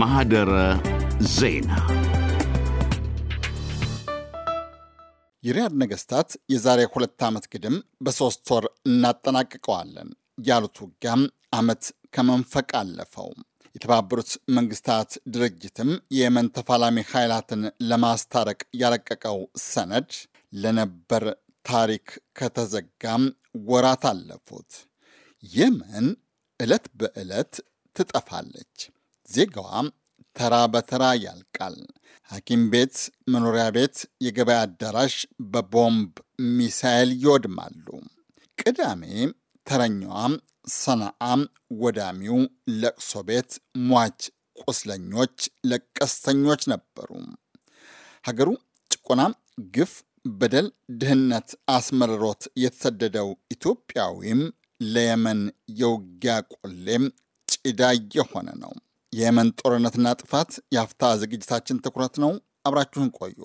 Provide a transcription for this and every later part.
ማህደረ ዜና የሪያድ ነገስታት የዛሬ ሁለት ዓመት ግድም በሦስት ወር እናጠናቅቀዋለን ያሉት ውጊያም ዓመት ከመንፈቅ አለፈው። የተባበሩት መንግስታት ድርጅትም የየመን ተፋላሚ ኃይላትን ለማስታረቅ ያረቀቀው ሰነድ ለነበር ታሪክ ከተዘጋም ወራት አለፉት። የመን ዕለት በዕለት ትጠፋለች፣ ዜጋዋም ተራ በተራ ያልቃል። ሐኪም ቤት፣ መኖሪያ ቤት፣ የገበያ አዳራሽ በቦምብ ሚሳይል ይወድማሉ። ቅዳሜ ተረኛዋም ሰናአም፣ ወዳሚው ለቅሶ ቤት፣ ሟች፣ ቁስለኞች፣ ለቀስተኞች ነበሩ። ሀገሩ ጭቆና፣ ግፍ፣ በደል፣ ድህነት አስመርሮት የተሰደደው ኢትዮጵያዊም ለየመን የውጊያ ቆሌም ጭዳ እየሆነ ነው። የየመን ጦርነትና ጥፋት የአፍታ ዝግጅታችን ትኩረት ነው። አብራችሁን ቆዩ።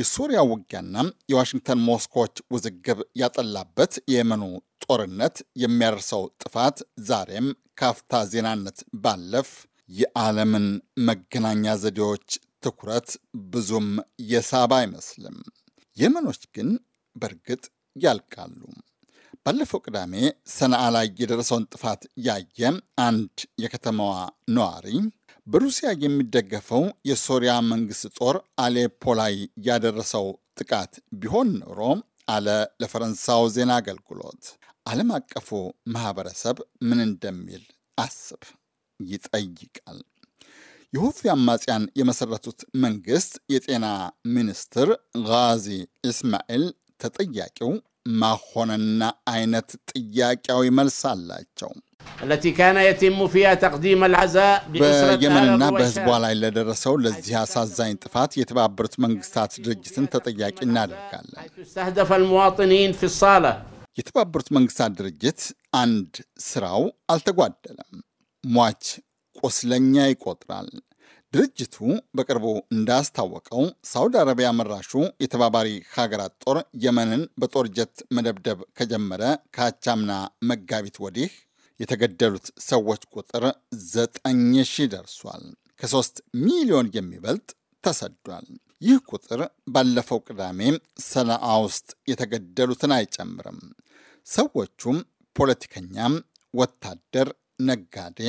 የሱሪያ ውጊያና የዋሽንግተን ሞስኮዎች ውዝግብ ያጠላበት የየመኑ ጦርነት የሚያደርሰው ጥፋት ዛሬም ከአፍታ ዜናነት ባለፍ የዓለምን መገናኛ ዘዴዎች ትኩረት ብዙም የሳብ አይመስልም። የመኖች ግን በእርግጥ ያልቃሉ። ባለፈው ቅዳሜ ሰነአ ላይ የደረሰውን ጥፋት ያየ አንድ የከተማዋ ነዋሪ በሩሲያ የሚደገፈው የሶሪያ መንግስት ጦር አሌፖ ላይ ያደረሰው ጥቃት ቢሆን ኖሮ አለ ለፈረንሳው ዜና አገልግሎት፣ ዓለም አቀፉ ማህበረሰብ ምን እንደሚል አስብ ይጠይቃል። የሁቲ አማጽያን የመሰረቱት መንግስት የጤና ሚኒስትር ጋዚ ኢስማኤል ተጠያቂው ማሆነና አይነት ጥያቄያዊ መልስ አላቸው። በየመንና በህዝቧ ላይ ለደረሰው ለዚህ አሳዛኝ ጥፋት የተባበሩት መንግስታት ድርጅትን ተጠያቂ እናደርጋለን። የተባበሩት መንግስታት ድርጅት አንድ ስራው አልተጓደለም። ሟች ቁስለኛ ይቆጥራል። ድርጅቱ በቅርቡ እንዳስታወቀው ሳውዲ አረቢያ መራሹ የተባባሪ ሀገራት ጦር የመንን በጦር ጀት መደብደብ ከጀመረ ከአቻምና መጋቢት ወዲህ የተገደሉት ሰዎች ቁጥር ዘጠኝ ሺህ ደርሷል። ከሶስት ሚሊዮን የሚበልጥ ተሰዷል። ይህ ቁጥር ባለፈው ቅዳሜ ሰነአ ውስጥ የተገደሉትን አይጨምርም። ሰዎቹም ፖለቲከኛም፣ ወታደር፣ ነጋዴ፣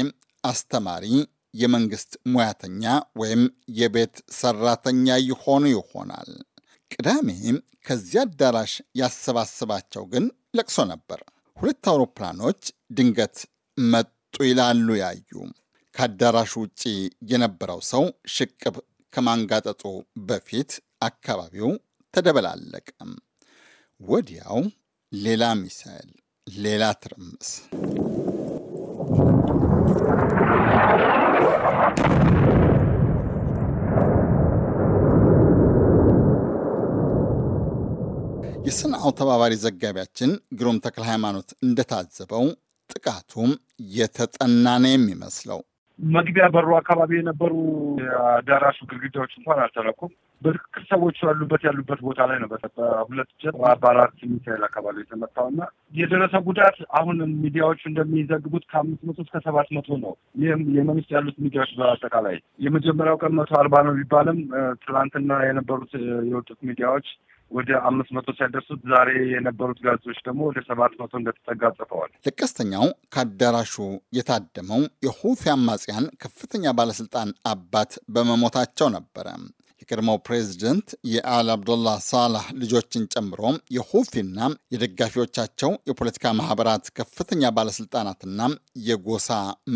አስተማሪ፣ የመንግስት ሙያተኛ ወይም የቤት ሰራተኛ ይሆኑ ይሆናል። ቅዳሜ ከዚህ አዳራሽ ያሰባሰባቸው ግን ለቅሶ ነበር። ሁለት አውሮፕላኖች ድንገት መጡ ይላሉ ያዩ። ከአዳራሹ ውጪ የነበረው ሰው ሽቅብ ከማንጋጠጡ በፊት አካባቢው ተደበላለቀ። ወዲያው ሌላ ሚሳኤል፣ ሌላ ትርምስ። የሰንዓው ተባባሪ ዘጋቢያችን ግሩም ተክለ ሃይማኖት እንደታዘበው ጥቃቱም የተጠና ነው የሚመስለው። መግቢያ በሩ አካባቢ የነበሩ አዳራሹ ግድግዳዎች እንኳን አልተለኩም። በትክክል ሰዎች ያሉበት ያሉበት ቦታ ላይ ነው በሁለት ጀት በአባራት ሚሳይል አካባቢ የተመታው እና የደረሰ ጉዳት አሁን ሚዲያዎቹ እንደሚዘግቡት ከአምስት መቶ እስከ ሰባት መቶ ነው። ይህም የመንግስት ያሉት ሚዲያዎች በአጠቃላይ የመጀመሪያው ቀን መቶ አርባ ነው ቢባልም ትላንትና የነበሩት የወጡት ሚዲያዎች ወደ አምስት መቶ ሲያደርሱት ዛሬ የነበሩት ጋዜጦች ደግሞ ወደ ሰባት መቶ እንደተጠጋ ጽፈዋል። ልቀስተኛው ከአዳራሹ የታደመው የሁፊ አማጽያን ከፍተኛ ባለስልጣን አባት በመሞታቸው ነበረ። የቀድሞው ፕሬዝደንት የአል አብዶላ ሳላህ ልጆችን ጨምሮ የሁፊና የደጋፊዎቻቸው የፖለቲካ ማህበራት ከፍተኛ ባለስልጣናትና የጎሳ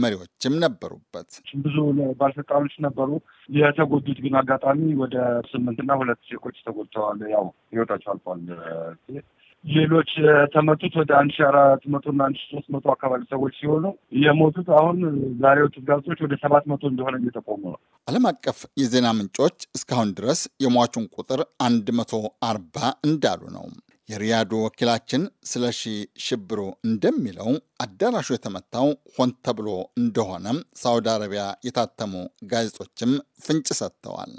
መሪዎችም ነበሩበት። ብዙ ባለስልጣኖች ነበሩ። የተጎዱት ግን አጋጣሚ ወደ ስምንትና ሁለት ሴቆች ተጎድተዋል። ያው ህይወታቸው አልፏል። ሌሎች የተመቱት ወደ አንድ ሺ አራት መቶ እና አንድ ሺ ሶስት መቶ አካባቢ ሰዎች ሲሆኑ የሞቱት አሁን ዛሬዎቹ ጋዜጦች ወደ ሰባት መቶ እንደሆነ እየተቆሙ ነው። ዓለም አቀፍ የዜና ምንጮች እስካሁን ድረስ የሟቹን ቁጥር አንድ መቶ አርባ እንዳሉ ነው። የሪያዱ ወኪላችን ስለ ሺ ሽብሩ እንደሚለው አዳራሹ የተመታው ሆን ተብሎ እንደሆነ ሳውዲ አረቢያ የታተሙ ጋዜጦችም ፍንጭ ሰጥተዋል።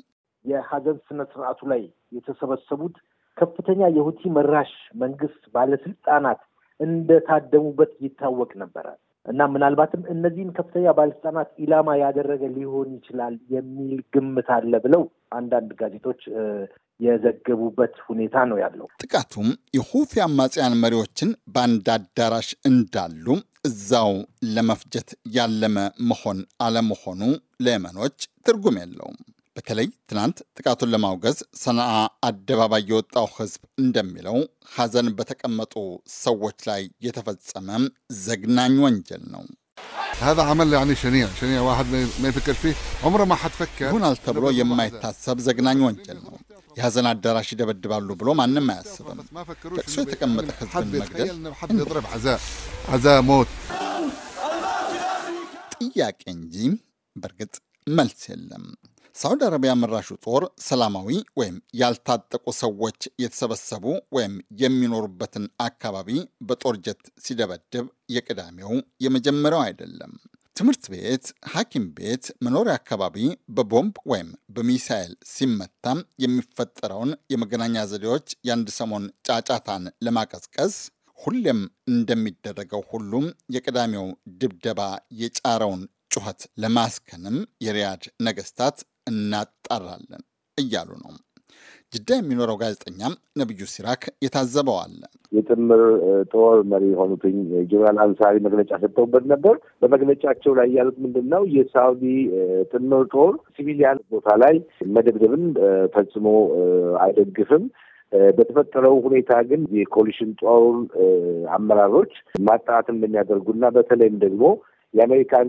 የሀዘን ስነ ስርዓቱ ላይ የተሰበሰቡት ከፍተኛ የሁቲ መራሽ መንግስት ባለስልጣናት እንደታደሙበት ይታወቅ ነበረ እና ምናልባትም እነዚህን ከፍተኛ ባለስልጣናት ኢላማ ያደረገ ሊሆን ይችላል የሚል ግምት አለ ብለው አንዳንድ ጋዜጦች የዘገቡበት ሁኔታ ነው ያለው። ጥቃቱም የሁፊ አማጽያን መሪዎችን በአንድ አዳራሽ እንዳሉ እዛው ለመፍጀት ያለመ መሆን አለመሆኑ ለየመኖች ትርጉም የለውም። በተለይ ትናንት ጥቃቱን ለማውገዝ ሰነአ አደባባይ የወጣው ህዝብ እንደሚለው ሐዘን በተቀመጡ ሰዎች ላይ የተፈጸመ ዘግናኝ ወንጀል ነው። ይሆናል ተብሎ የማይታሰብ ዘግናኝ ወንጀል ነው። የሐዘን አዳራሽ ይደበድባሉ ብሎ ማንም አያስብም። ለቅሶ የተቀመጠ ህዝብን መግደል ሞት ጥያቄ እንጂ በእርግጥ መልስ የለም። ሳውዲ አረቢያ መራሹ ጦር ሰላማዊ ወይም ያልታጠቁ ሰዎች የተሰበሰቡ ወይም የሚኖሩበትን አካባቢ በጦር ጀት ሲደበድብ የቅዳሜው የመጀመሪያው አይደለም። ትምህርት ቤት፣ ሐኪም ቤት፣ መኖሪያ አካባቢ በቦምብ ወይም በሚሳኤል ሲመታም የሚፈጠረውን የመገናኛ ዘዴዎች የአንድ ሰሞን ጫጫታን ለማቀዝቀዝ ሁሌም እንደሚደረገው ሁሉም የቅዳሜው ድብደባ የጫረውን ጩኸት ለማስከንም የሪያድ ነገስታት እናጣራለን እያሉ ነው። ጅዳ የሚኖረው ጋዜጠኛም ነብዩ ሲራክ የታዘበዋል። የጥምር ጦር መሪ የሆኑትኝ ጀኔራል አንሳሪ መግለጫ ሰጥተውበት ነበር። በመግለጫቸው ላይ ያሉት ምንድን ነው? የሳውዲ ጥምር ጦር ሲቪሊያን ቦታ ላይ መደብደብን ፈጽሞ አይደግፍም። በተፈጠረው ሁኔታ ግን የኮሊሽን ጦር አመራሮች ማጣራት እንደሚያደርጉና በተለይም ደግሞ የአሜሪካን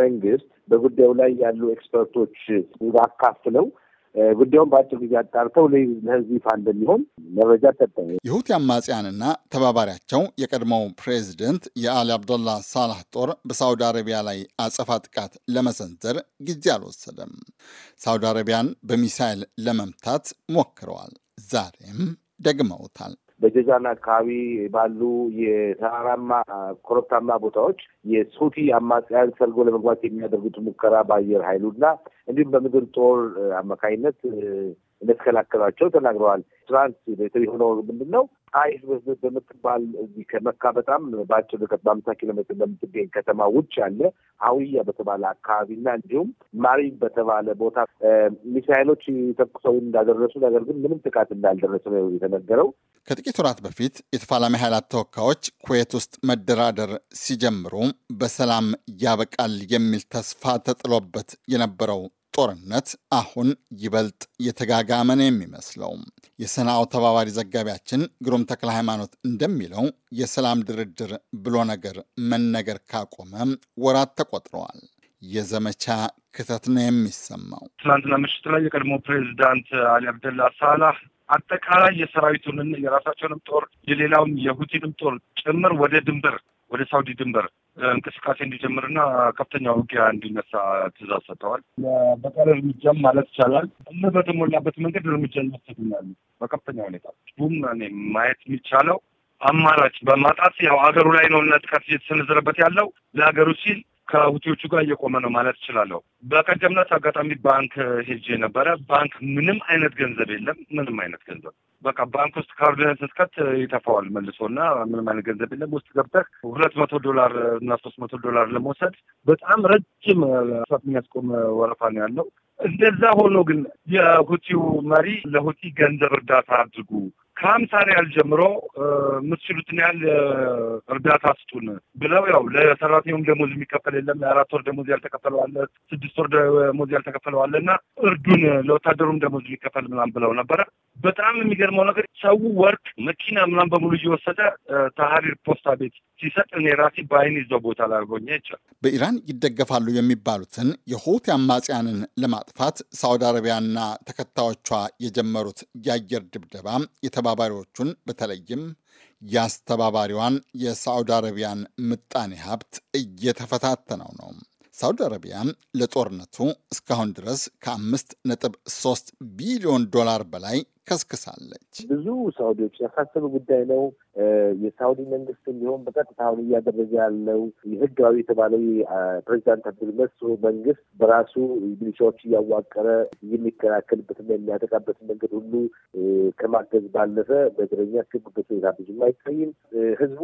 መንግስት በጉዳዩ ላይ ያሉ ኤክስፐርቶች ባካፍለው ጉዳዩን በአጭር ጊዜ አጣርተው ለህዝብ ይፋ እንደሚሆን መረጃ ሰጠ። የሁቲ አማጽያንና ተባባሪያቸው የቀድሞው ፕሬዚደንት የአሊ አብዶላ ሳላህ ጦር በሳውዲ አረቢያ ላይ አጸፋ ጥቃት ለመሰንዘር ጊዜ አልወሰደም። ሳውዲ አረቢያን በሚሳይል ለመምታት ሞክረዋል። ዛሬም ደግመውታል። በጀዛና አካባቢ ባሉ የተራራማ ኮረብታማ ቦታዎች የሶቲ አማጽያን ሰርጎ ለመግባት የሚያደርጉት ሙከራ በአየር ኃይሉና እንዲሁም በምድር ጦር አማካኝነት እንደተከላከሏቸው ተናግረዋል። ትናንት የሆነው ምንድን ነው? ጣይ በምትባል እዚህ ከመካ በጣም በአጭር ርቀት በአምሳ ኪሎ ሜትር በምትገኝ ከተማ ውጭ ያለ አውያ በተባለ አካባቢና እንዲሁም ማሪን በተባለ ቦታ ሚሳይሎች ተኩሰው እንዳደረሱ፣ ነገር ግን ምንም ጥቃት እንዳልደረሰ ነው የተነገረው። ከጥቂት ወራት በፊት የተፋላሚ ኃይላት ተወካዮች ኩዌት ውስጥ መደራደር ሲጀምሩ በሰላም ያበቃል የሚል ተስፋ ተጥሎበት የነበረው ጦርነት አሁን ይበልጥ የተጋጋመ ነው የሚመስለው። የሰንአው ተባባሪ ዘጋቢያችን ግሩም ተክለ ሃይማኖት እንደሚለው የሰላም ድርድር ብሎ ነገር መነገር ካቆመ ወራት ተቆጥረዋል። የዘመቻ ክተት ነው የሚሰማው። ትናንትና ምሽት ላይ የቀድሞ ፕሬዚዳንት አሊ አብደላ ሳላህ አጠቃላይ የሰራዊቱንን የራሳቸውንም ጦር የሌላውን የሁቲንም ጦር ጭምር ወደ ድንበር ወደ ሳውዲ ድንበር እንቅስቃሴ እንዲጀምርና ከፍተኛ ውጊያ እንዲነሳ ትእዛዝ ሰጥተዋል። በቀል እርምጃም ማለት ይቻላል እምነት በተሞላበት መንገድ እርምጃ ይወሰድናሉ በከፍተኛ ሁኔታ ቡም ማየት የሚቻለው አማራጭ በማጣት ያው ሀገሩ ላይ ነው እና ጥቃት እየተሰነዘረበት ያለው ለሀገሩ ሲል ከሁቲዎቹ ጋር እየቆመ ነው ማለት እችላለሁ። በቀደምነት አጋጣሚ ባንክ ሄጄ ነበረ። ባንክ ምንም አይነት ገንዘብ የለም። ምንም አይነት ገንዘብ በቃ ባንክ ውስጥ ካርድህን ስትከት ይተፋዋል መልሶ እና ምንም አይነት ገንዘብ የለም። ውስጥ ገብተህ ሁለት መቶ ዶላር እና ሶስት መቶ ዶላር ለመውሰድ በጣም ረጅም ሰዓት የሚያስቆም ወረፋ ነው ያለው። እንደዛ ሆኖ ግን የሁቲው መሪ ለሁቲ ገንዘብ እርዳታ አድርጉ ከሀምሳ ሪያል ጀምሮ የምትችሉትን ያህል እርዳታ ስጡን ብለው ያው ለሰራተኛውም ደሞዝ የሚከፈል የለም። የአራት ወር ደሞዝ ያልተከፈለው አለ፣ ስድስት ወር ደሞዝ ያልተከፈለው አለ እና እርዱን፣ ለወታደሩም ደሞዝ የሚከፈል ምናምን ብለው ነበረ። በጣም የሚገርመው ነገር ሰው ወርቅ፣ መኪና ምናምን በሙሉ እየወሰደ ተሀሪር ፖስታ ቤት ሲሰጥ እኔ ራሴ በአይን ይዘው ቦታ ላርጎኛ ይቻል። በኢራን ይደገፋሉ የሚባሉትን የሁቲ አማጽያንን ለማጥፋት ሳውዲ አረቢያና ተከታዮቿ የጀመሩት የአየር ድብደባ የተባ አስተባባሪዎቹን በተለይም የአስተባባሪዋን የሳዑዲ አረቢያን ምጣኔ ሀብት እየተፈታተነው ነው። ሳዑዲ አረቢያ ለጦርነቱ እስካሁን ድረስ ከ ነጥብ ሶስት ቢሊዮን ዶላር በላይ ከስክሳለች። ብዙ ሳውዲዎች ያሳሰበ ጉዳይ ነው። የሳውዲ መንግስት ቢሆን በቀጥታ አሁን እያደረገ ያለው የህጋዊ የተባለው ፕሬዚዳንት አብዱል መንግስት በራሱ ሚሊሻዎች እያዋቀረ የሚከላከልበትና የሚያጠቃበት መንገድ ሁሉ ከማገዝ ባለፈ በእግረኛ ሲጉበት ሁኔታ ብዙም አይታይም። ህዝቡ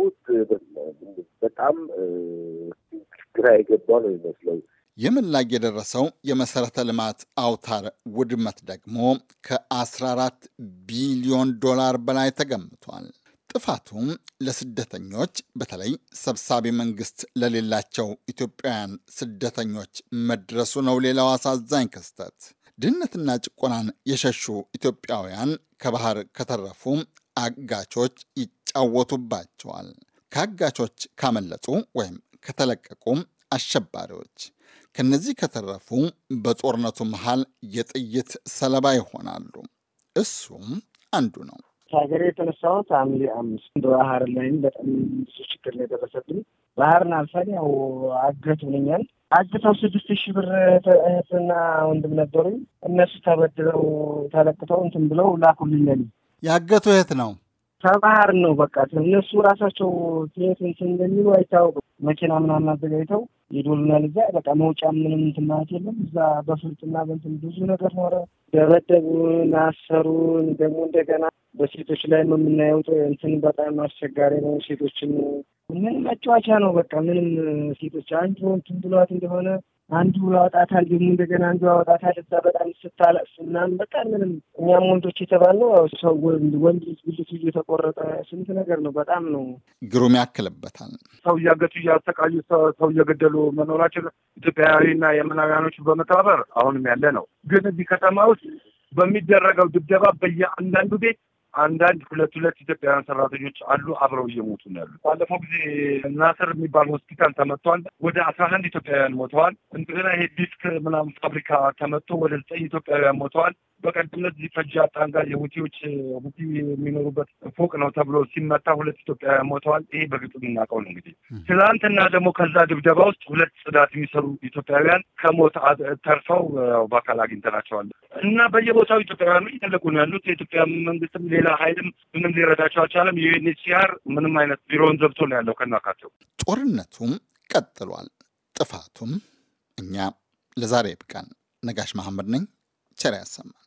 በጣም ግራ የገባ ነው ይመስለው የምን ላይ የደረሰው የመሰረተ ልማት አውታር ውድመት ደግሞ ከ14 ቢሊዮን ዶላር በላይ ተገምቷል። ጥፋቱም ለስደተኞች በተለይ ሰብሳቢ መንግስት ለሌላቸው ኢትዮጵያውያን ስደተኞች መድረሱ ነው። ሌላው አሳዛኝ ክስተት ድህነትና ጭቆናን የሸሹ ኢትዮጵያውያን ከባህር ከተረፉ አጋቾች ይጫወቱባቸዋል። ከአጋቾች ካመለጡ ወይም ከተለቀቁ አሸባሪዎች። ከነዚህ ከተረፉ በጦርነቱ መሃል የጥይት ሰለባ ይሆናሉ። እሱም አንዱ ነው። ከሀገሬ የተነሳሁት ሐምሌ አምስት በባህር ላይም በጣም ብዙ ችግር ላይ ደረሰብኝ። ባህርን አልፈን ያው አገቱልኛል። አግተው ስድስት ሺህ ብር እህትና ወንድም ነበሩኝ። እነሱ ተበድረው ተለቅተው እንትን ብለው ላኩልኛል። ያገቱ እህት ነው ከባህር ነው። በቃ እነሱ ራሳቸው ትት እንደሚሉ አይታወቅም። መኪና ምናምን አዘጋጅተው ይዶልናል። እዛ በቃ መውጫ ምንም እንትን ማለት የለም። እዛ በፍርጥና በንትን ብዙ ነገር ኖረ። ደበደቡን፣ አሰሩን። ደግሞ እንደገና በሴቶች ላይ የምናየው እንትን በጣም አስቸጋሪ ነው። ሴቶችን ምን መጫወቻ ነው በቃ ምንም ሴቶች አንድ ወንትን ብሏት እንደሆነ አንዱ አወጣታል ደግሞ እንደገና አንዱ አወጣታል። እዛ በጣም ስታለቅስ ምናምን በቃ ምንም እኛም ወንዶች የተባልነው ሰው ወንድ ልጅ ብልቱ እየተቆረጠ ስንት ነገር ነው። በጣም ነው ግሩም ያክልበታል። ሰው እያገቱ እያሰቃዩ ሰው እየገደሉ መኖራችን ኢትዮጵያውያንና የመናውያኖች በመተባበር አሁንም ያለ ነው። ግን እዚህ ከተማ ውስጥ በሚደረገው ድብደባ በየአንዳንዱ ቤት አንዳንድ ሁለት ሁለት ኢትዮጵያውያን ሰራተኞች አሉ አብረው እየሞቱ ነው ያሉ። ባለፈው ጊዜ ናስር የሚባል ሆስፒታል ተመቷል። ወደ አስራ አንድ ኢትዮጵያውያን ሞተዋል። እንደገና ይሄ ዲስክ ምናምን ፋብሪካ ተመቶ ወደ ዘጠኝ ኢትዮጵያውያን ሞተዋል። በቀደምነት እዚህ ፈጃ የሁቲዎች ሁቲ የሚኖሩበት ፎቅ ነው ተብሎ ሲመታ ሁለት ኢትዮጵያውያን ሞተዋል። ይሄ በግልጽ የምናውቀው ነው። እንግዲህ ትላንትና ደግሞ ከዛ ድብደባ ውስጥ ሁለት ጽዳት የሚሰሩ ኢትዮጵያውያን ከሞት ተርፈው በአካል አግኝተናቸዋል እና በየቦታው ኢትዮጵያውያኑ እየተለቁ ነው ያሉት። የኢትዮጵያ መንግስትም ሌላ ሀይልም ምንም ሊረዳቸው አልቻለም። ዩኤንኤችሲአር ምንም አይነት ቢሮውን ዘብቶ ነው ያለው ከናካቸው። ጦርነቱም ቀጥሏል፣ ጥፋቱም እኛ ለዛሬ ይብቃን። ነጋሽ መሐመድ ነኝ። ቸር ያሰማል።